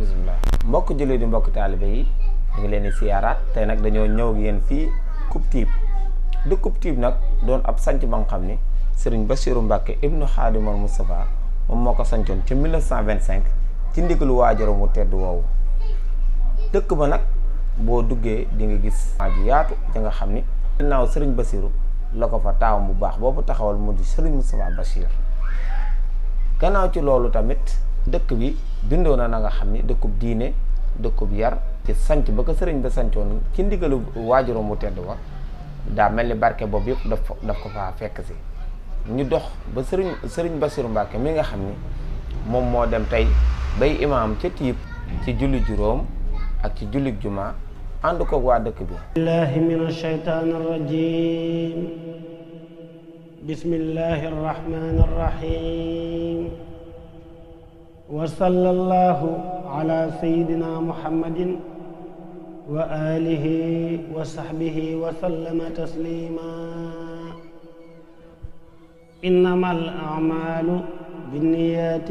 bismillah mbokk julli di mbokk taalibe yi ñu ngi leen di siyaaraat tey nak dañoo ñëw yéen fii Kouptibe du Kouptibe nag doon ab sanc ba nga xam Bassirou Mbacke ibnu Xaadimal Moustapha moom moo ko sancoon ci 1925 ci ndigalu waajuram wu tedd woowu dëkk ba nag boo duggee di nga gis ju yaatu ja nga xam ni ginnaaw sëriñ Bassirou fa taxawal mu di ci tamit dëkk bi bindoo na na nga xam ni dëkkub diine dëkkub yar ci sanc ba ko sëriñ ba sancoon ci ndigalu waajuram mu tedd wa daa mel ni barke boobu yëpp daf ko faa fekk si ñu dox ba sëriñ sëriñ Basiru Mbàkke mi nga xam ni moom moo dem tey bay imaam ca tiib ci julli juróom ak ci julli jumaa ànd ko waa dëkk bi billahi min ashaytaan arrajim bismillahi arrahmani arrahim وصلى الله على سيدنا محمد وآله وصحبه وسلم تسليما إنما الأعمال بالنيات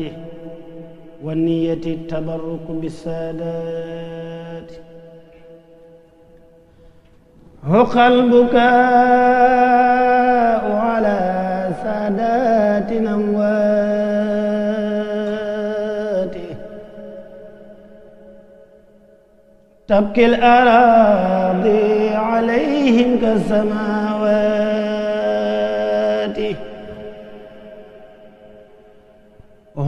والنية التبرك بالسادات هقى البكاء تبكي الأراضي عليهم كالسماوات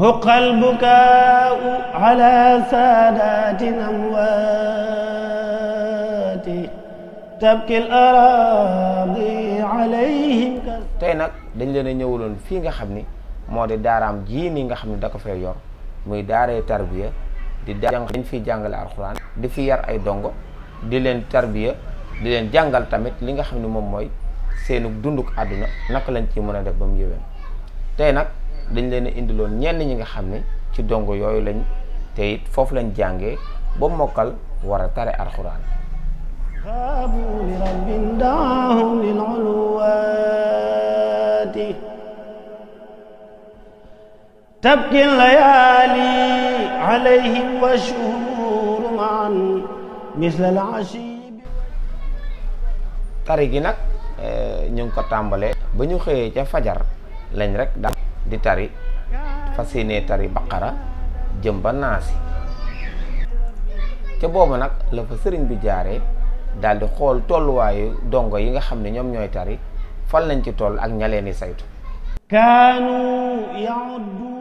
هق البكاء على سادات أموات تبكي الأراضي عليهم tey nag dañ leen a ñëwuloon fii nga xam ni moo di daaraam jii nii nga xam ni da ko yor muy daaree tarbiya di jang dañ fi jàngale alquran di fi yar ay dongo di len tarbiya di len jangal tamit li nga xamni mom moy dunduk aduna nak lañ ci mëna def bam yewen tay nak dañ leen indi lon ñenn ñi nga xamni ci dongo lañ tay it lañ jangé bo mokal wara tare alquran layali عليهم والشهور معا مثل العشيب tari gi nag ñu ko tambalé ba ñu xëyee ca fajar lañ rek daal di tari fasiné tari baqara jëm ba nasi ci bobu nak la fa sëriñ bi jaaré dal di xol xool way dongo yi nga xamné ñom ñoy tari fal lañ ci toll ak ña leen saytu kanu ya'uddu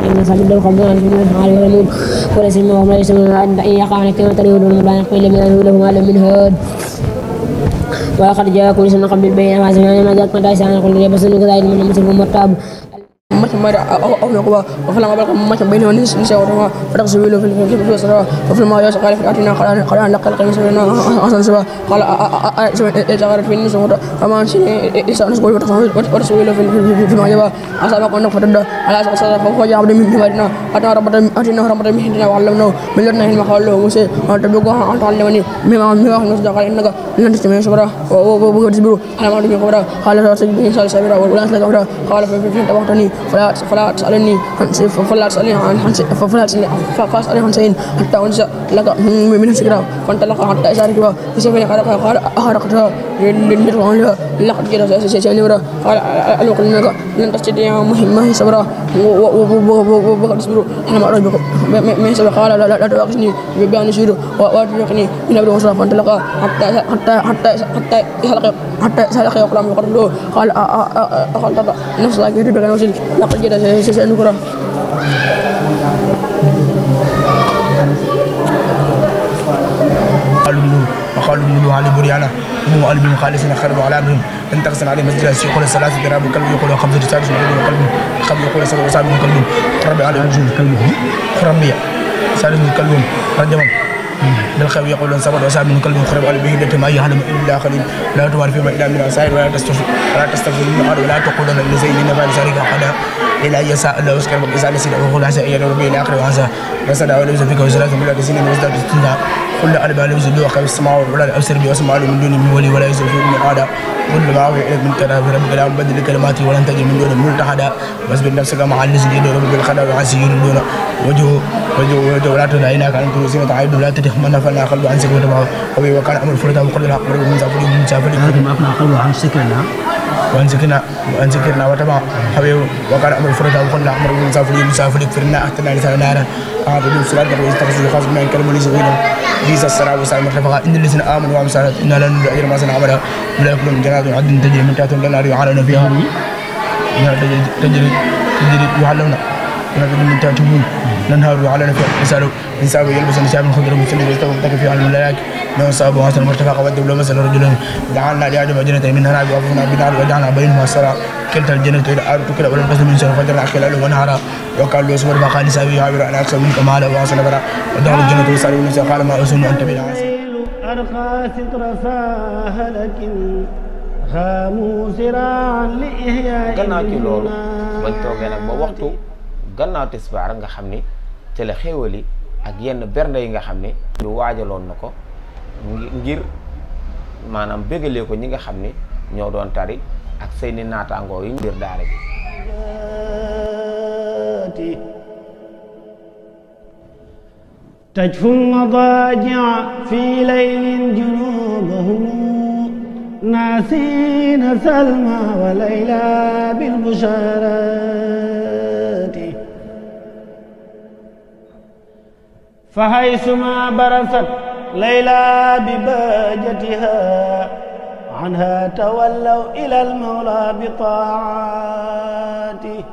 إن صدد الخبر من الحال والموت وليس منهم ليس من أن يقع عن الكلمة اليهود والمبان قيل من اليهود وما لم من هود ولقد جاءكم رسل من قبل البينات فسمعنا ما ذاك متى يسعى نقول لبسوا كذلك من المسلم مرتاب macam mara أو يقوى وفي ما بلغ ما بينه ونسى ورما فرقص بيلو في الفيلم في السراء وفي ما يوسف قال في عتنا قال قال لقى القيم سبينا أصلا سبا قال إتغرت في النساء وما نسيني إسا نسقول ورسول بيلو في الفيلم في ما يبا أصلا قلنا فرد على أساس فهو يعبد من جبالنا أتنا ربنا أتنا ربنا من هنا وعلمنا من لنا هنا قالوا موسى أنت بقوها أنت علمني مما مما نصدق قال إنك لن تستمع سبرا وبقى تسبرو على ما تبقى قبرا قال رسول بيلو سبرا ولا أسلا قبرا قال فبيلو تبقتني فلا فلا تسألني عن فلا تسألني عن فلا تسألني فلا تسألني عن شيء حتى أنسى لك من سكرة فأنت لك حتى أشارك بسبب لك أحرقتها للرعون لقد كده سيسيني ورا قال ألو قلنا لن تستطيع مهمة هي صبرا وقد صبروا أنا ما أرى من صبر قال لا لا تواقشني ببيان سيرو وأدركني من أبو مصرف أنت لقى حتى حتى حتى حتى يحلق حتى سالك يا القرن قال آه، آه، آه، قال ترى نفس لا بقى نوصل علي خرب تقسم عليه مسجد يقول ثلاثه دراب كلب يقول خمسه رسالة كلب خب يقول سبع وسام كلب ربي على وجه كلب رميه سالم كلب رجما للخير يقولون سبب وسام من كلب خرب على به ما يعلم الا قليل لا تعرف ما الا من عسائر ولا تستفر ولا تستفر من عار ولا تقولن لزيد نفع ذلك حدا الى يسع الله يسكر من ازال سيده وقول عسى ان ربي الاخر في نسد ولو زفك وزرات من الذين مزداد تندع كل على باله يزل وقع السماء والأرض أبصر بي وأسمع من دوني من ولي ولا يزل من هذا كل ما هو وعد من كلام رب كلام بدل كلماتي ولن تجد من دون ملتحدا واصبر نفسك مع الذين يدعون بالخلاء وعسير دون وجهه وجهه وجهه ولا تدع عينك عن كل سنة عيب ولا تدخ من نفعنا قلب عن سكوت معه هو وكان أمر فردا وقدر الحق من سافر من سافر ما أقول عن سكرنا وانزكنا وانزكرنا وتبع حبيب وقال امر فرد وقلنا امر مسافر مسافر فرنا احتنا لسنا اعبدوا صراط الرئيس تخصص خاص بما يكلم لي زغينا ليس السرع وسعى مرتفقا ان الذين امنوا وعملوا الصالحات انا لن نؤجر ما سنع عملا ولا يكون جنات عدن تجري من تحتهم الانهار يعلون فيها تجري تجري يعلون ونبي من تحتهم الانهار يعلون فيها نسالوا ان سابوا يلبسون ثيابا خضرا مثل الذي يستوى في عالم الملائكه من صاحب واسع المرتفع والدولة مثل رجل جعلنا لأعجب جنة منها نعب وأفنا بنار وجعلنا بينهما سرع كلتا الجنة إلى أرض كلا ولم تسلم من سنة فجر أخي الألو ونهارا وقال له سبر فقال سابي عبر أنا أكسب منك مالا وواصل برا ودخل الجنة وسأل ونسى قال ما أسن أنت بالعاصي أرقى ستر فاهلك خاموا سراعا لإحياء gannaaw ci loolu bañ toogee nag ba waxtu gannaaw tisbaar nga xam ni ci la xéewali ak ngir maanaam bégalee ko ñi nga xam ni ñoo doon tari ak seeni naataangoo yi ngir daara ji tajfu madaajia fi laylin junubahum naasina salma wa layla bil busharati fa haysuma ليلى ببهجتها عنها تولوا إلى المولى بطاعاته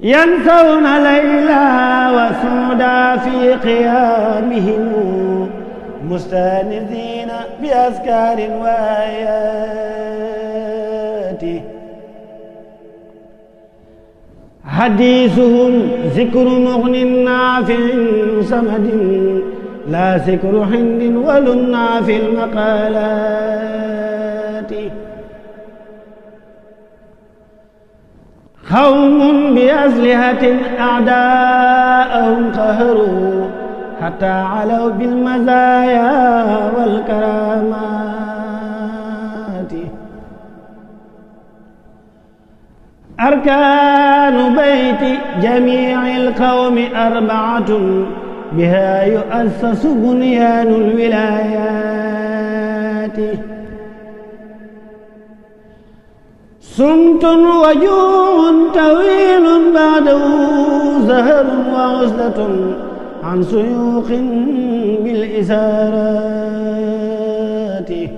ينسون ليلى وسودا في قيامهم مستانسين بأذكار وآياته حديثهم ذكر مغن نافع سمد لا ذكر حند ولنا في المقالات قوم بأزلهة أعداءهم قهروا حتى علوا بالمزايا والكرامات أركان بيت جميع القوم أربعة بها يؤسس بنيان الولايات صمت وجوع طويل بعده زهر وعزلة عن سيوخ بالإسارات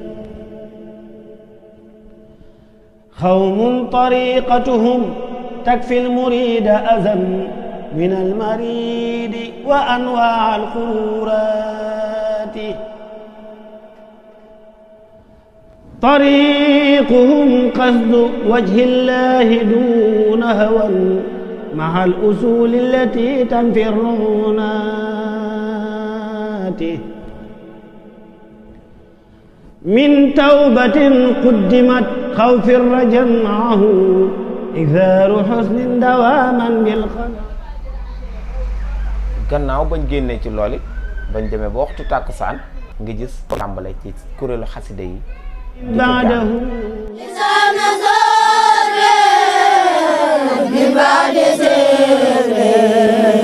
قوم طريقتهم تكفي المريد أذى من المريد وأنواع القرورات طريقهم قصد وجه الله دون هوى مع الأصول التي تنفي الرونات min tawbatin quddimat xawfin rajamaahu izaaru xusnin dawaaman bil xala gannaaw bañ génnee ci lool it bañ demee ba waxtu tàkkusaan nga gis tàmbale ci kuréelu xasida yi baadahu lisaana sore min baadi sere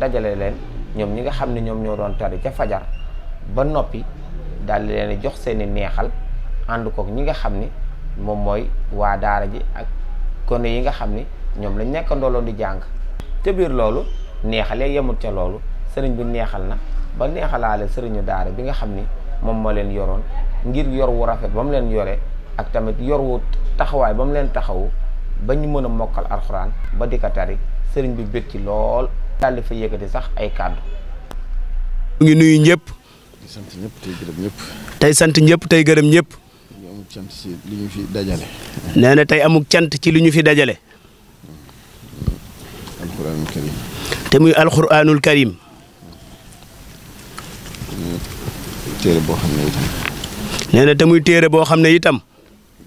dajale leen ñoom ñi nga xam ne ñoom ñoo doon tari ca fajar ba noppi daal leen jox seeni neexal ànd kook ñi nga xam ni moom mooy waa daara ji ak kone yi nga xam ni ñoom lañ nekk ndooloon di jàng te biir loolu neexalee yemut ca loolu sëriñ bi neexal na ba neexalaale sëriñu daara bi nga xam ni moom moo leen yoroon ngir yor wu rafet ba mu leen yore ak tamit yor wu taxawaay ba mu leen taxawu ba ñu mën a mokkal alxuraan ba di ko tari sëriñ bi bég ci lool daal di fa yëkkati sax ay kàddu. mu ngi nuyu ñëpp. tey sant ñëpp tey gërëm ñëpp. tey sant ñëpp tey gërëm ñëpp. nee na ci li ñu tey amug cant ci li ñu fi dajale. Mm. alxuraanul karim. te muy alxuraanul karim. téere boo téere boo xam ne itam.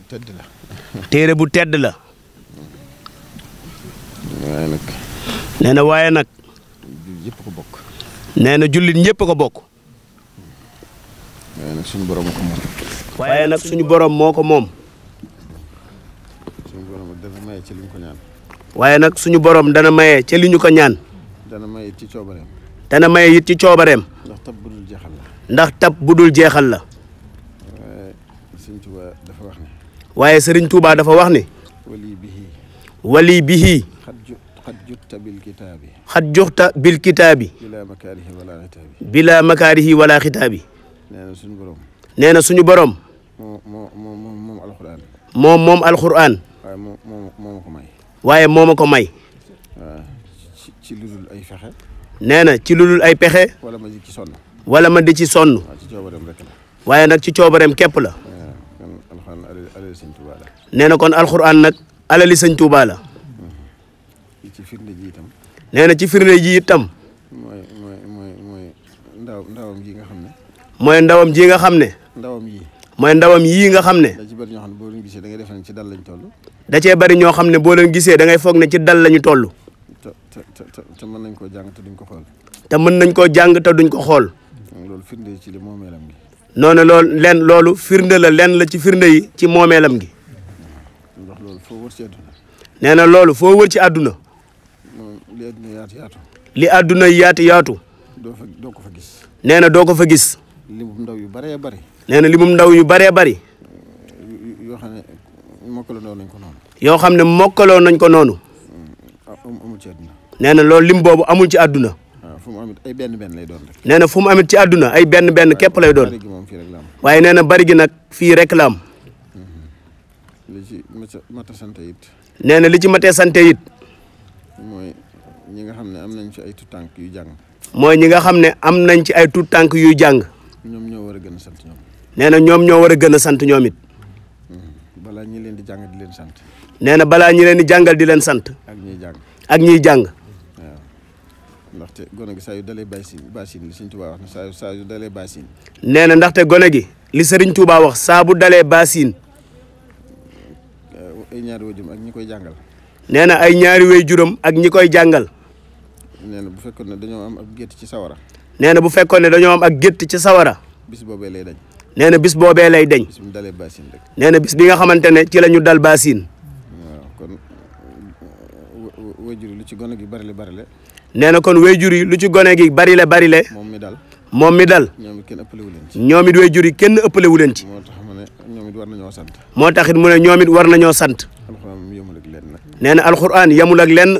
tedd la. téere bu tedd la. waaye nag. nee waaye nag. jullit yëpp ko bokk. nee na jullit ñëpp ko bokk. waaye nag suñu borom moo ko moom. waaye suñu borom moo ko suñu borom dana maye ci li ko ñaan. waaye nag suñu borom dana maye ci li ñu ko ñaan. dana maye ci coobareem. dana maye it ci coobareem. ndax tab budul jeexal la. ndax tab budul jeexal la. waaye Serigne Touba dafa wax ni. waaye wali bihi. wali bihi. xad jutta bil kitaabi. xat joxta bil kitaabi. bilaa makaarihi wala xitaabi. bilaa makaarihi wala xitaabi. nee na suñu borom. nee na suñu borom. moom moom moom alxuraan. moom moom alxuraan. waaye moom moo ko may. waaye moo ma ko may. ci ci lu dul ay fexe. nee na ci lu dul ay pexe. wala ma di ci sonn. wala ma di ci sonn. waaye nag ci coobareem képp la. nee na kon alxuraan nag alali sëñ Tuubaa la. ci firnde ji itam. nee na ci firnde ji itam. mooy ji nga xam ne. mooy ndawam ji nga xam ne. ndawam yi. mooy ndawam yii nga xam ne. da cee bari ñoo xam ne boo leen gisee da ngay def ci dal lañ toll. da bari ñoo xam ne boo leen gisee da ngay foog ne ci dal lañu toll. te mën nañ koo jàng te duñ ko xool. te mën nañ koo jàng te duñ ko xool. loolu firnde ci li moomeelam gi. noonu loolu loolu firnde la lenn la ci firnde yi ci moomeelam gi. ndax loolu foo nee na loolu foo wër ci àdduna. li àdduna yaatu yaatu. li yaatu yaatu. doo ko fa gis. nee na doo ko fa gis. limum ndaw yu baree bëri. nee na limum ndaw yu bëree bëri. yoo xam ne mokkaloo nañ ko noonu. yoo xam ne mokkaloo nañ ko noonu. amul ci àdduna. nee na loolu lim boobu amul ci àdduna. fu amit benn benn lay doon nee na fu mu amit ci àdduna ay benn benn képp lay doon. waaye nee na bari nag fii rek la am. Mm-hmm. li ci matee sante it. li ci matee sante ci ay tuutànk jàng. mooy ñi nga xam ne am nañ ci ay tànk yuy jàng. ñoom ñoo war a gën a sant ñoom. nee na ñoom ñoo war a gën a sant ñoom it. Mm-hmm. bala ñi leen di jàngal di leen sant. nee na balaa ñi leen di jàngal di leen sant. ak ñiy jàng ak ñiy jàng. ndaxte gone gi saa yu dalee baasin baasin li sëriñ Tuubaa wax saa yu saa yu dalee baasin. nee na ndaxte gone gi li sëriñ Tuubaa wax saa dalee baasin. Eh, ay ñaari waajuram ak ñi koy jàngal. nee na ay ñaari waajuram ak ñi koy jàngal. Nenek bu fekkone ne dañoo am ak gett ci sawara. nee bu fekkone dañoo am ak gett ci sawara. bis bobé lay dañ. nee bis bobé lay dañ. bis bu rek. bis bi nga ne ci dal basin. kon wayjuri lucu lu ci gone gi bari le bari le. kon wéyjur lucu lu ci gone gi bari le bari le. moom mi dal. mom mi dal. ñoom it kenn ëppale wu leen ci. ñoom it kenn ëppalé wu len ci. motax mu ne war nañu sant. motax mu ne war nañu sant. ak ak len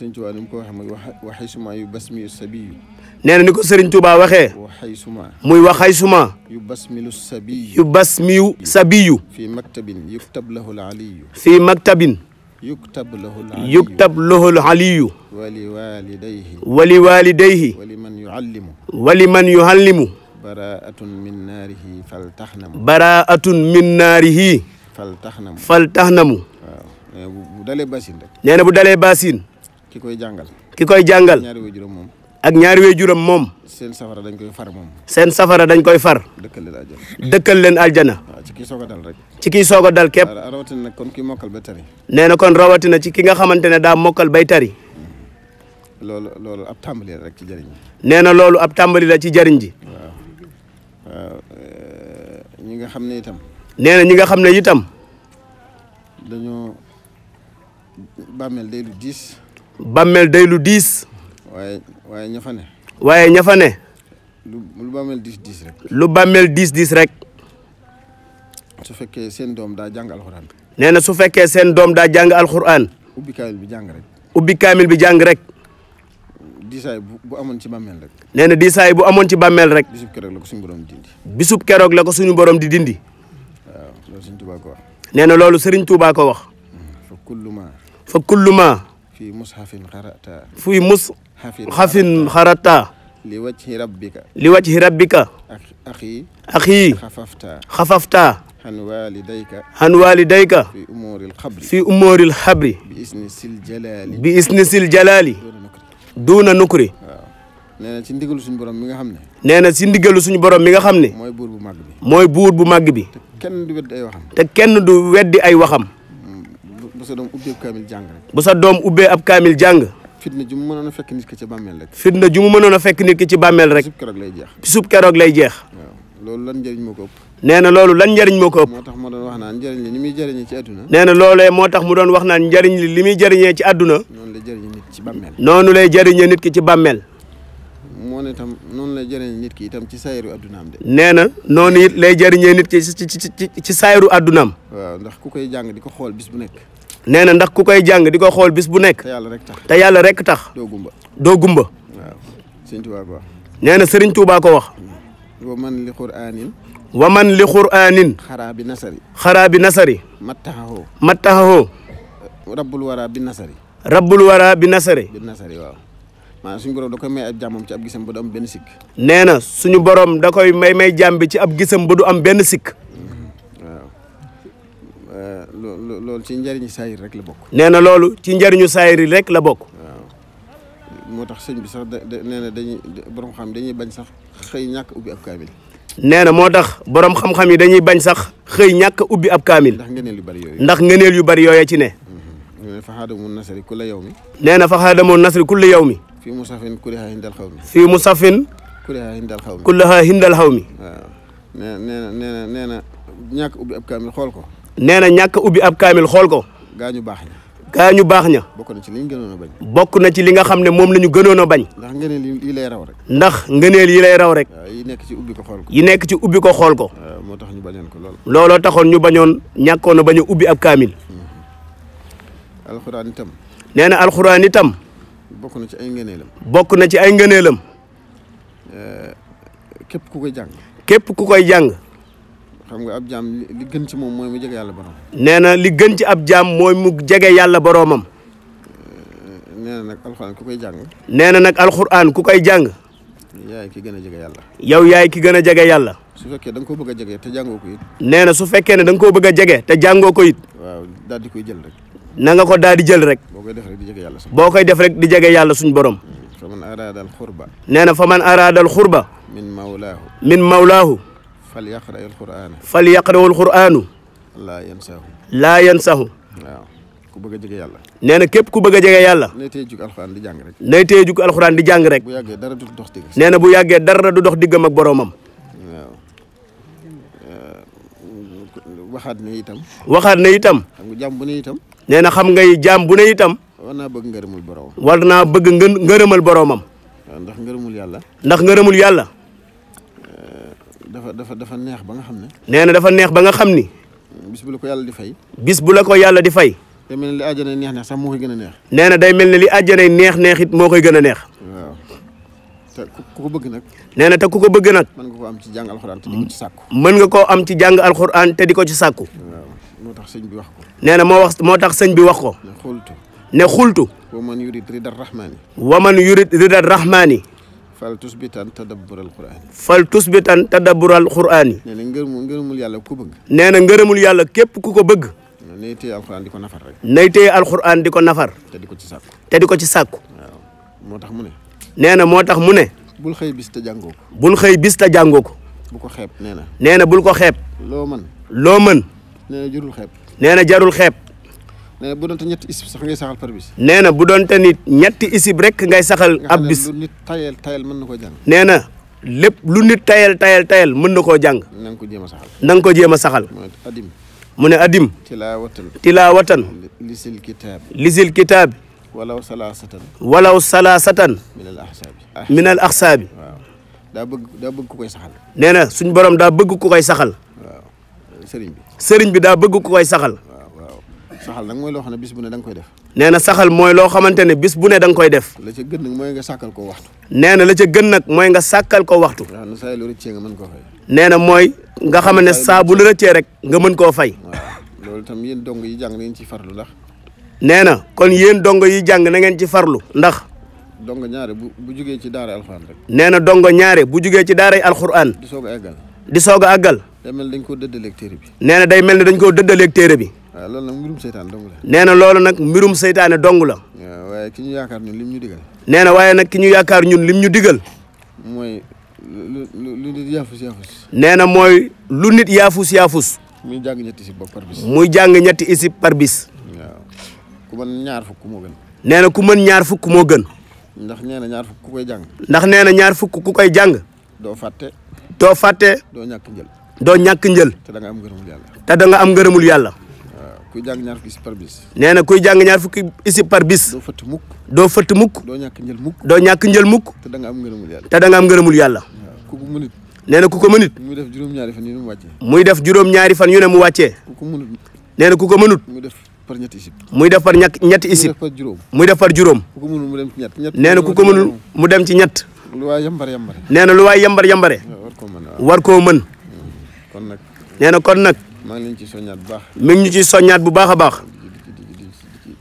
sëriñ Tuubaa ni mu ko waxee muy wa xaysuma yu basmi yu sabiyu nee na ni ko sëriñ Tuubaa waxee wa xaysuma muy wa xaysuma yu basmilu sabiyu yu basmiyu sabiyu fii maktabin yuktab lahu aliyu fii maktabin yuktab lahu aliyu yuktab lahu aliyu wali walidayhi wali walidayhi wali man yuallimu wali man yuallimu baraatun min naarihi faltaxnamu baraatun min naarihi faltaxnamu faltaxnamu waaw nee na bu dalee basin rek nee na bu dalee basin ki koy jàngal. ki koy jàngal. ñaari waajuram moom. ak ñaari waajuram moom. seen safara dañ koy far moom. seen safara dañ koy far. dëkkal leen aljana. leen aljana. waaw ci kii soog a dal rek. ci kii soog a dal képp. rawatina nag kon mokkal bay nee na kon rawatina ci ki nga xamante ne daa mokkal bay tari. Mm. loolu loolu ab tàmbali rek ci jëriñ. nee na loolu ab tàmbali la ci jëriñ ji. Eh, ñi nga xam ne itam. nee na ñi nga xam ne itam. dañoo bàmmeel day lu bàmmeel day lu diis. waaye waaye ña fa ne. waaye ña fa ne. lu lu bàmmeel diis diis rek. lu bàmmeel diis diis rek. su fekkee seen doom daa jàng alxuraan. nee na su fekkee seen doom daa jàng alxuraan. ubbi kaamil bi jàng rek. ubbi kaamil bi jàng rek. diisaay bu amoon ci bàmmeel rek. nee na bu amoon ci bàmmeel rek. bisub keroog la ko suñu borom di dindi. bisub keroog la ko suñu borom di dindi. waaw loolu Serigne Touba ko wax. nee na loolu Touba ko wax. fa kullu fa kullu في مصحف قرأته في مصحف قرأته لوجه ربك لوجه ربك أخي أخي خففت خففت عن والديك عن والديك في أمور القبر في أمور الحبر بإسن الجلال بإسن الجلال دون نكري nee na ci ndigalu suñu borom mi nga xam ne. nee na ci ndigalu suñu borom mi nga xam ne. mooy buur bu màgg bi. mooy buur bu màgg bi. te kenn du weddi ay waxam. te kenn du weddi ay waxam. sa doom ubbee ab kaamil jàng rek. bu sa doom ubbee ab kaamil jàng. fitna ju mu mënoon a fekk nit ki ci bàmmeel rek. fitna ju mu mënoon a fekk nit ki ci bàmmeel rek. sub keroog lay jeex. sub keroog lay jeex. waaw loolu lan njëriñ ko nee na loolu lan njëriñ moo ko moo tax mu doon wax naan njëriñ li li muy jëriñee ci àdduna. nee na loolee moo tax mu doon wax naan njëriñ li li muy ci àdduna. noonu lay jëriñee nit ci bàmmeel. noonu lay jëriñee nit ki ci bàmmeel. moo ne noonu lay jëriñee nit ki itam ci saayiru addunaam de. nee na noonu it lay jëriñee nit ki ci ci ci ci saayiru addunaam. waaw ndax ku koy jàng di ko xool bis bu nekk. nee ndax ku koy jang di ko bis bu nek te yalla rek tax do gumba do gumba serigne Waman ko wax wa man li qur'anin wa man li qur'anin kharabi nasari kharabi nasari matahu matahu rabbul wara bin nasari rabbul wara bin nasari bin nasari wa. man suñu borom da koy may ab jàmmam ci ab gisam bu do am ben sik suñu borom da koy may may jàmm ci ab gisam bu do am ben sik loolu ci njariñu saayir rek la bokk. nee na loolu ci njëriñu saayir rek la bokk. moo tax sëñ bi sax nee na dañuy xam dañuy bañ sax xëy ñàkk ubbi ab kaamil. nee na moo tax borom xam yi dañuy bañ sax xëy ñàkk ubbi ab kaamil. ndax ngëneel yu bari yooyu. ndax ngëneel yu bari yooya ci ne. Mm-hmm. nee na faxaadamoon nasri kulli yow mi. nee na faxaadamoon nasri kulli yow mi. fii mu safin kuliha hindal xaw mi. fii mu safin. kuliha hindal xaw mi kuliha hindal xaw mi. nee na ñàkk ubbi ab kaamil xool ko. nee na ñàkk ubbi ab kaamil xool ko. gaañu baax ña. gaañu baax ña. bokk na ci li ñu gënoon bañ. bokk na ci li nga xam ne moom la ñu gënoon a bañ. ndax ngëneel yi lay raw rek. ndax ngëneel yi lay raw rek. yi nekk ci ubbi ko xool ko. yi nekk ci ubbi xool ko. moo tax ñu bañoon ko lool. looloo taxoon ñu bañoon ñàkkoon a bañ a ubbi ab kaamil. Mm-hmm. alxuraan itam. nee na alxuraan itam. bokk na ci ay ngëneelam. bokk na ci ay ngëneelam. Eh, képp ku koy jàng. képp ku koy jàng. xam nga ab jaam li gën ci moom mooy mu jege yàlla boroom. nee na li gën ci ab jaam mooy mu jege yàlla boroomam. Eh, nee na nag alxuraan ku koy jàng. nee na nag alxuraan ku koy jàng. yaay ki gën a jege yow yaay ki su bëgg te it. su ne bëgg te it. waaw di koy jël rek. na nga ko daal di jël rek. boo def rek di def rek di borom. faman araadal xurba. nee faman min Maulahu. min falyaqra alquran falyaqra alquran la yansahu la yansahu waaw ku bëgg a jege yàlla képp ku bëgg a jege yàlla nay tey alquran di jàng rek nay tey jug alquran di jàng rek bu yàggee dara du dox digg nee bu yàggee dara du dox diggam boromam eh, waxaat na itam itam xam nga bu ne itam xam bu ne itam bëgg bëgg boromam ndax ndax dafa dafa dafa neex ba nga bis bu la ko di fay. bis bu la ko di fay. day melni li aljana neex neex sax koy neex. it koy gëna neex. bëgg nak nga di ko ci nga am ci jang alxuraan te diko ci sakku waaw moo bi wax ko. wax tax bi wax ko. ne khultu wa yurid ridar Rahmani. wa yurid ridar rahmani fal tusbitan tadabbural qur'aan. fal tusbitan tadabbural qur'aan. nee na ngërëmul yàlla ku bëgg. nee na ngërëmul yàlla képp ku ko bëgg. nay téye alxuraan di ko nafar rek. nay téye alxuraan di ko nafar. te di ko ci sàkku. te di ko ci sàkku. waaw moo tax mu ne. nee na moo tax mu ne. bul xëy bis ta jàngoo ko. bul xëy bis ta jàngoo ko. bu ko xeeb nee na. nee na bul ko xeeb. loo mën. loo mën. nee na jarul xeeb. nee na jarul xeeb. nee bu doonte ñetti isib sax ngay saxal par bis nee na bu doonte nit ñetti isib rek ngay saxal ab bis lu nit tayel tayel mën na koo jàng nee lu nit tayel tayel tayel mën na koo jàng ko jéem a saxal na nga ko jéem a saxal adim mu ne adim tilawatan tilawatan lisil kitab lisil kitab walaw salasatan walaw salasatan min al ahsabi ah. min al ahsabi daa bëgg daa bëgg ku koy saxal nee suñ borom daa bëgg ku koy saxal waaw bi sëriñ bi daa bëgg ku koy saxal saxal nag mooy loo xam ne bis bu ne nee na saxal mooy loo xamante ne bis bu ne da nga koy def. la ca gën nag mooy waxtu. nee na la ca gën nag mooy nga sàkkal ko waxtu. waaw na saa yu lu rëccee koo nee na mooy nga xam ne saa bu lu rek nga mën koo fay. loolu itam yéen dong yi jàng nañ ci farlu ndax. nee na kon yéen dong yi jàng na ngeen ci farlu ndax. dong ñaare bu bu jugee ci daara alxuraan rek. nee na dong ñaare bu jugee ci daara alxuraan. di soog a di soog a day mel dañ koo dëddaleeg téere bi. nee na day mel ne dañ koo dëddaleeg téere bi. waaw loolu nag mbirum seytaane dong la. nee na loolu nag mbirum seytaane la. waaw ki ñu yaakaar ñun lim ñu digal. nee na waaye nag ki ñu yaakaar ñun lim ñu digal. mooy lu nee na mooy lu nit yaafus yaafus. muy jàng ñetti isib par bis. muy jàng ñetti isib par bis. ñaar fukk moo gën. nee na ku mën ñaar fukk moo gën. ndax nee na ñaar fukk ku koy jàng. ndax nee na ñaar fukk ku koy jàng. doo fàtte. doo fàtte. doo ñàkk njël. doo ñàkk njël. am ngërëmul yàlla. te da nga am ngërëmul yàlla. kuy jàng ñaar fukki isib par bis. nee kuy jàng ñaar fukki muk. par bis. muk. fëtt mukk. do fëtt mukk. doo ñàkk njël mukk. doo ñàkk njël mukk. te da nga am ngërëmul te da nga am muy fan yu ne mu muy def ñaari par ñetti isib. muy def par ñak ñetti isib. muy def par juróom. ku ko mu dem ci ñett. nee yambar yambar yambare. war koo mën. maa ngi leen ci soññaat bu baax. mi ngi ñu ci soññaat bu baax a baax. di ci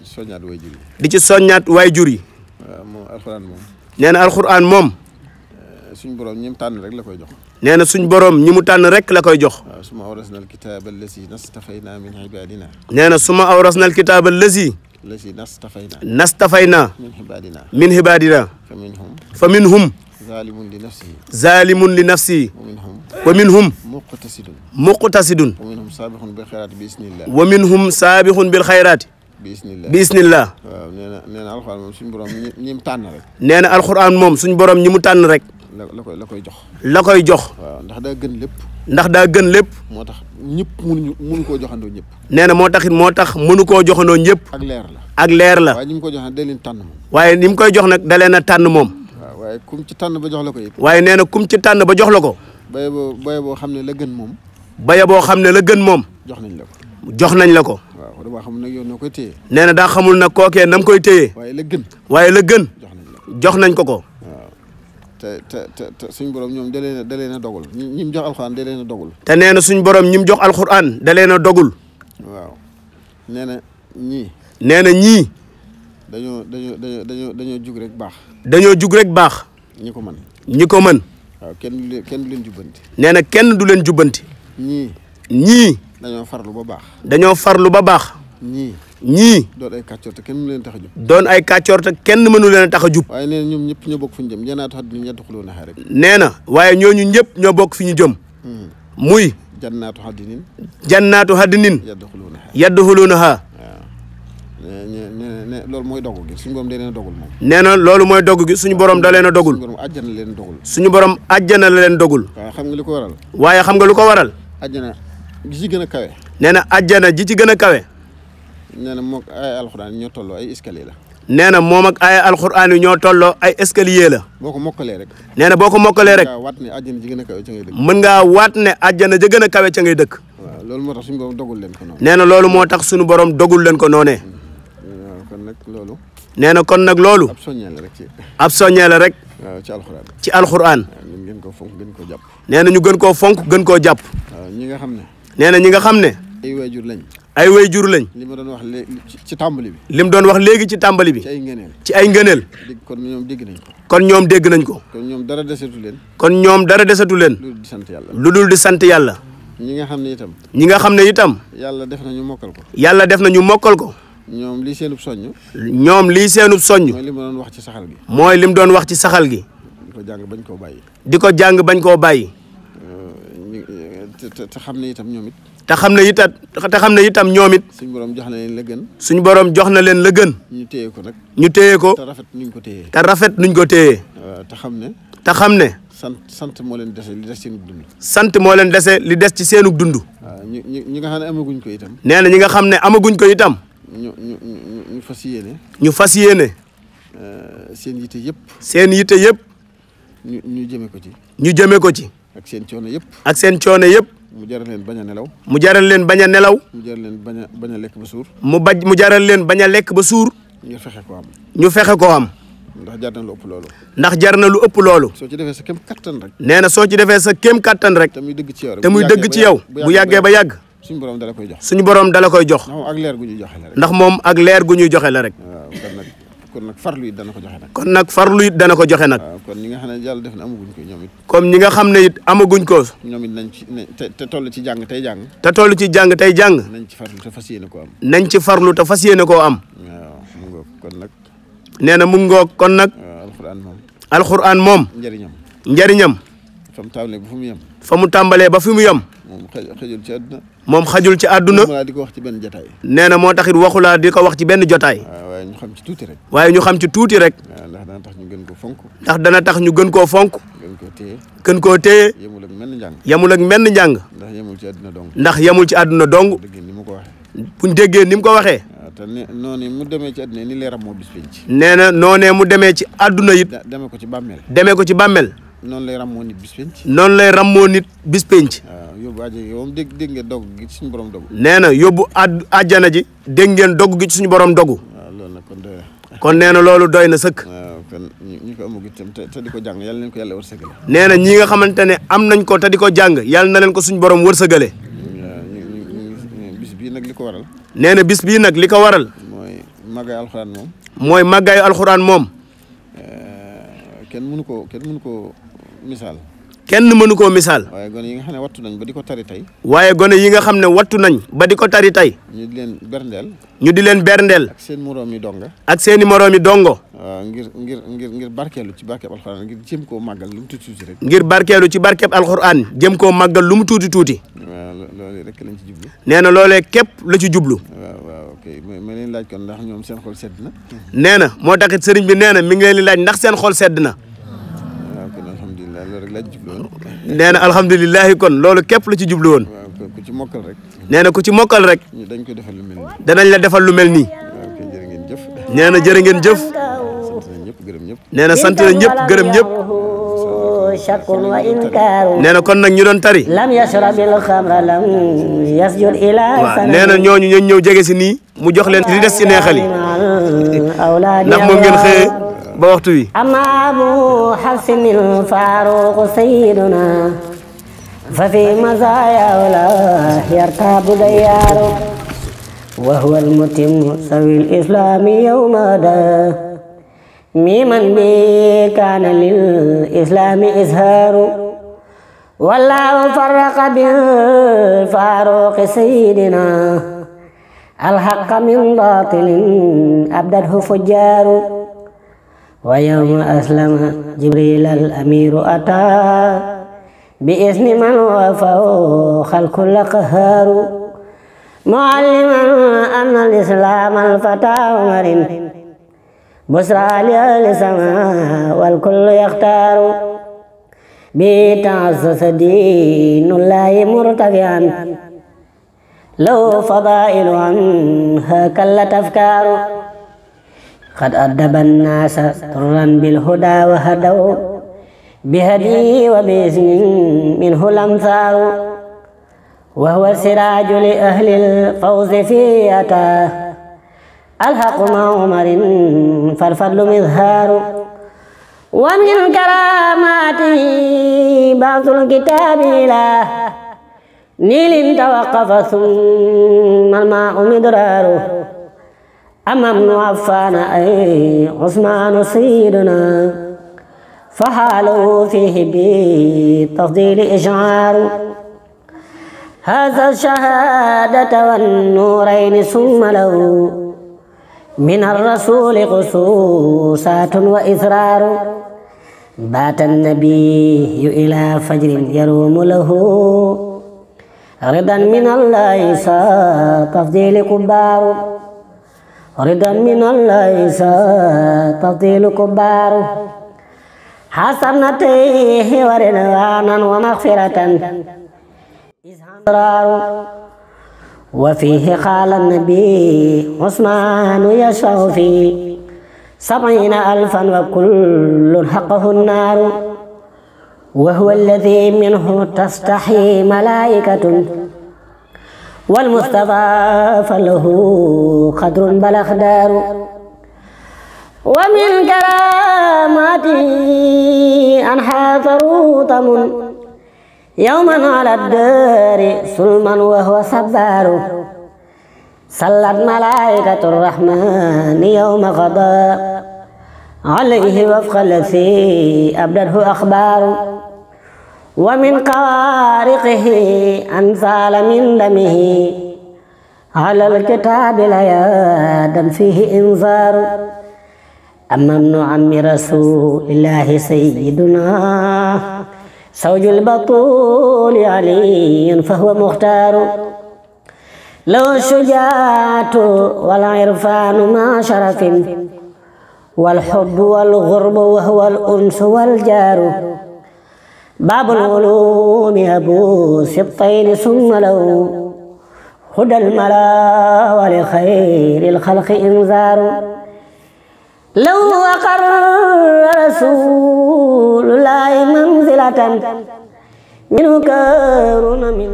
soññaat waay jur yi. di ci soññaat waay jur yi. waaw moom alxuraan moom. nee suñ borom ñi mu rek la koy jox. nee suñ borom ñi mu rek la koy jox. suma awras nal kitaaba nastafayna min ibadina. nee suma awras nal kitaaba lazi. nastafayna. nastafayna. min ibadina. min ibadina. fa minhum. zalimun li nafsihi. zalimun li nafsihi. wa minhum. wa minhum. muqtasidun muqtasidun wa minhum saabixun bil xayraati bi isnillah wa minhum saabixun bil xayraati bi isnillah bi isnillah waaw nee na nee na alxuraan moom suñu borom ñi mu tànn rek nee na alxuraan moom suñu borom ñi mu tànn rek la koy la koy jox la koy jox waaw ndax daa gën lépp ndax daa gën lépp moo tax ñëpp mënuñu mënu koo joxandoo ñëpp nee na moo taxit moo tax mënu koo joxandoo ñëpp ak leer la ak leer la waaye ni mu koy jox nag da leen tànn moom waaye ni mu koy jox nag da leen a tànn moom waaw waaye kum ci tànn ba jox la ko yëpp waaye nee na kum ci tànn ba jox la ko baye boo boo xam ne la gën moom. baye boo xam ne la gën moom. jox nañ la ko. jox nañ la ko. waaw damaa xamul nag yow noo koy téye. nee na daa xamul nag kookee nam koy téye. waaye la gën. waaye la gën. jox nañ ko ko. te te suñ borom ñoom da leen a da leen a dogul ñi jox alxuraan da leen a dogul. te nee suñ borom ñi mu jox alxuraan da leen a dogul. waaw nee na ñii. nee na ñii. dañoo dañoo dañoo dañoo jug rek baax. dañoo jug rek baax. ñi ko mën ñi ko mën. waaw kenn du kenn leen jubbanti. nee na kenn du leen jubbanti. ñii. ñii. dañoo farlu ba baax. dañoo farlu ba baax. ñii. ñii. doon ay kàccoor te kenn mënu leen tax a jub. doon ay kàccoor te kenn mënu leen tax a jub. waaye ñoom ñëpp ñoo bokk fi ñu jëm jannaatu xadnin yadxuluunahaa na xëy rek. nee na waaye ñooñu ñëpp ñoo bokk fi ñu jëm. Hmm. muy. jannaatu xadnin. jannaatu xadnin. yadxuluunahaa loolu mooy dogu gi suñu borom da dogul nee na loolu mooy dogu gi da leen a dogul. suñu borom leen dogul. suñu borom àjjana la leen dogul. waaye li ko waral. waaye xam nga lu ko waral. àjjana ji ci a kawe. nee na àjjana ji ci gën a kawe. nee na moom ay alxuraan ñoo tolloo ay escalier la. nee na moom ak ay alxuraan yi ñoo tolloo ay escalier la. boo ko mokkalee rek. nee na boo ko mokkalee rek. mën ngaa waat ne àjjana ji gën a kawe ca dëkk. mën ngaa waat ne àjjana ji gën a kawe ca ngay dëkk. loolu moo tax suñu borom dogul leen ko noonu. nee na loolu moo tax suñu borom dogul leen ko noonee. loolu kon nak lolu ab soññee rek ci ab soññee la ci alxuraan ci alxuraan ñu gën koo fonk gën ko japp nee ñu gën fonk gën ñi nga xamne ay wayjur lañ ay wayjur lañ lim doon wax ci tambali bi doon wax ci ay ngeenel kon ñom deg nañ ko kon ñom kon dara desatu len kon ñom dara desatu len di di Yalla ñi nga xamne itam ñi nga xamne itam yalla def nañu mokal ko yalla def nañu mokal ko ñoom lii seenub soññ. ñoom lii seenub soññ. mooy li mu doon wax ci saxal gi. mooy li mu doon wax ci saxal gi. di ko bañ koo bàyyi. di ko bañ koo bàyyi. te xam ne itam ñoom it. te xam ne itam te ne itam ñoom it. suñu borom jox na leen la gën. suñu borom jox na leen la gën. ñu téye ko nag. ñu téye ko. te rafet nuñ ko téye. te rafet nuñ ko téye. Euh, te xam ne. te xam ne. sant sant moo leen dese li des dund. sant moo leen dese li des ci seenug dund. Euh, ñi nga xam ne amaguñ ko itam. nee ñi nga xam ne amaguñ ko itam. ñu ñu fas yéene. ñu fas yéene. Euh, seen yitte yëpp. seen yitte yëpp. ñu ñu ko ci. ñu jëme ko ci. ak seen coono yëpp. ak seen coono yëpp. mu jaral leen bañ a nelaw. mu jaral leen bañ a nelaw. mu jaral leen bañ a bañ a lekk ba suur. mu baj mu jaral leen bañ a lekk ba suur. ñu fexe ko am. ñu fexe ko am. ndax jar na lu ëpp loolu. ndax jar na lu ëpp loolu. soo ci defee sa kéem kattan rek. nee na soo ci defee sa kéem kattan rek. te dëgg ci yow te dëgg ci yow. bu yàggee ba yàgg. suñu borom dala koy jox suñu borom dala koy jox. ndax moom ak leer gu ñuy joxe rek. ndax moom ak leer gu ñuy joxe la rek. waaw kon nag kon nag farlu it dana ko joxe nag. kon nag farlu it dana ko joxe nag. kon ñi nga xam ne yàlla def na amaguñ ko ñoom it. comme ñi nga xam ne it amaguñ ko. ñoom it nañ ci te te toll ci jàng tey jàng. te toll ci jàng tey jàng. nañ ci farlu te fas yéene koo am. nañ ci farlu te fas yéene koo am. waaw mu ngoog kon nag. nee na mu ngoog kon nag. waaw alxuraan moom. alxuraan moom. njëriñam. njëriñam. famu tambalé ba fi yam yem. fa ba fi mu yem. xajul ci aduna moom xajul ci àdduna. moom laa di wax ci taxit waxu wax ci ben jotay ñu xam ci rek. ndax dana tax ñu gën ko fonk. ndax dana tax ñu ak mel jang ndax yamul ci aduna dong. ndax ci dong. buñ déggé nim ko waxé noné mu démé ci aduna ni léram mo bis mu démé ci aduna yit démé ko ci bammel démé ko ci bammel noonu lay rammoo nit bis noonu lay rammoo nit bis penc. waaw ah, yóbbu àjjana ji moom dégg dégg suñu borom dogu. nee na yóbbu àjjana ji dégg ngeen dogg gi suñu borom dogu. Ah, loolu nag kon doy kon nee na loolu doy na sëkk. waaw ah, kon ñi ko amagul itam te ko yàlla nañ ko yàlla nee na ñi nga xamante ne am nañ ko te di ko jàng yàlla na leen ko suñu borom wërsëgale. bis bii nag li ko waral. nee na bis bii nag li ko waral. mooy màggaayu alxuraan moom. mooy màggaayu alxuraan moom. kenn mënu ko kenn mënu ko misal, kenn mënu ko misal? waye gone yi nga xamne wattu nañ ba diko tari tay waye gone yi nga xamne wattu nañ ba diko tari tay ñu di len berndel ñu di len berndel ak seen moroom donga. ak seen i yi dongo. ngir ngir ngir ngir barkelu ci barkeeb alquran ngir jëm ko magal lu tuti tuti rek. ngir barkelu ci barkeeb alquran jëm ko magal lu tuti tuti lolé rek lañ ci jublu. néna na képp la ci jublu. waaw laaj kon ndax ñom seen xol sedd na. néna mo taxit sëriñ bi néna na mi ngi leen laaj ndax seen xol sedd na rek laa ci jublu woon. nee kon loolu képp lu ci jublu woon. ku ci mokkal rek. nee na ku ci mokkal rek. dañ ko defal lu mel danañ la defal lu mel ni waaw kay jërë ngeen jëf. nee na jërë ngeen jëf. sant na ñëpp gërëm ñëpp. nee na sant na ñëpp gërëm ñëpp. nee na kon nag ñu doon tari. waaw nee na ñooñu ñoo ñëw jege si nii. mu jox leen li des si ba waxtu wi amma abu hafsin al ففي مزايا ولا يرتاب ديار وهو المتم سوي الإسلام يوم دا ميما بي كان للإسلام إزهار والله فرق بالفاروق سيدنا الحق من باطل أبدته فجار ويوم أسلم جبريل الأمير أتى بإذن من وفاه خلق القهار معلما أن الإسلام الفتى عمر بسرى لأهل سماء والكل يختار بتعزز دين الله مرتفعا لو فضائل عنها كلت أفكار قد أدب الناس طرا بالهدى وهدوا بهدي وبإذن منه الأمثال وهو السراج لأهل الفوز في أتاه الحق مع عمر فالفضل مظهار ومن كراماته بعض الكتاب إلى نيل توقف ثم الماء مدراره أما ابن عفان أي عثمان سيدنا فحالوا فيه بالتفضيل إشعار هذا الشهادة والنورين ثم له من الرسول خصوصات وإصرار بات النبي إلى فجر يروم له رضا من الله تفضيل كبار رضا من الليس تطيل كبار تيه ورضوانا ومغفرة إزهار وفيه قال النبي عثمان يشفع في سبعين ألفا وكل حقه النار وهو الذي منه تستحي ملائكة والمصطفى فله قدر بلغ دار ومن كراماتي أن حافروا طم يوما على الدار سلما وهو صبار صلت ملائكة الرحمن يوم غضب عليه وفق الذي أبدته أخبار ومن قارقه أنزال من دمه على الكتاب ليادا فيه إنذار أما ابن عم رسول الله سيدنا زوج البطول علي فهو مختار لو شجاعة والعرفان مع شرف والحب والغرب وهو الأنس والجار باب العلوم أبو سبطين ثم لو هدى الملا ولخير الخلق إنذار لو أقر رسول الله منزلة منه كارون من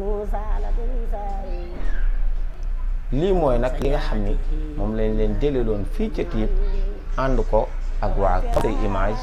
موسى lii mooy nag li nga xam ni moom lañ leen jëlee loon fii ca Typ ànd ko ak waa Image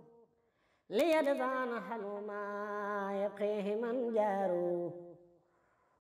ليدفعن حلو ما يبقيه من جارو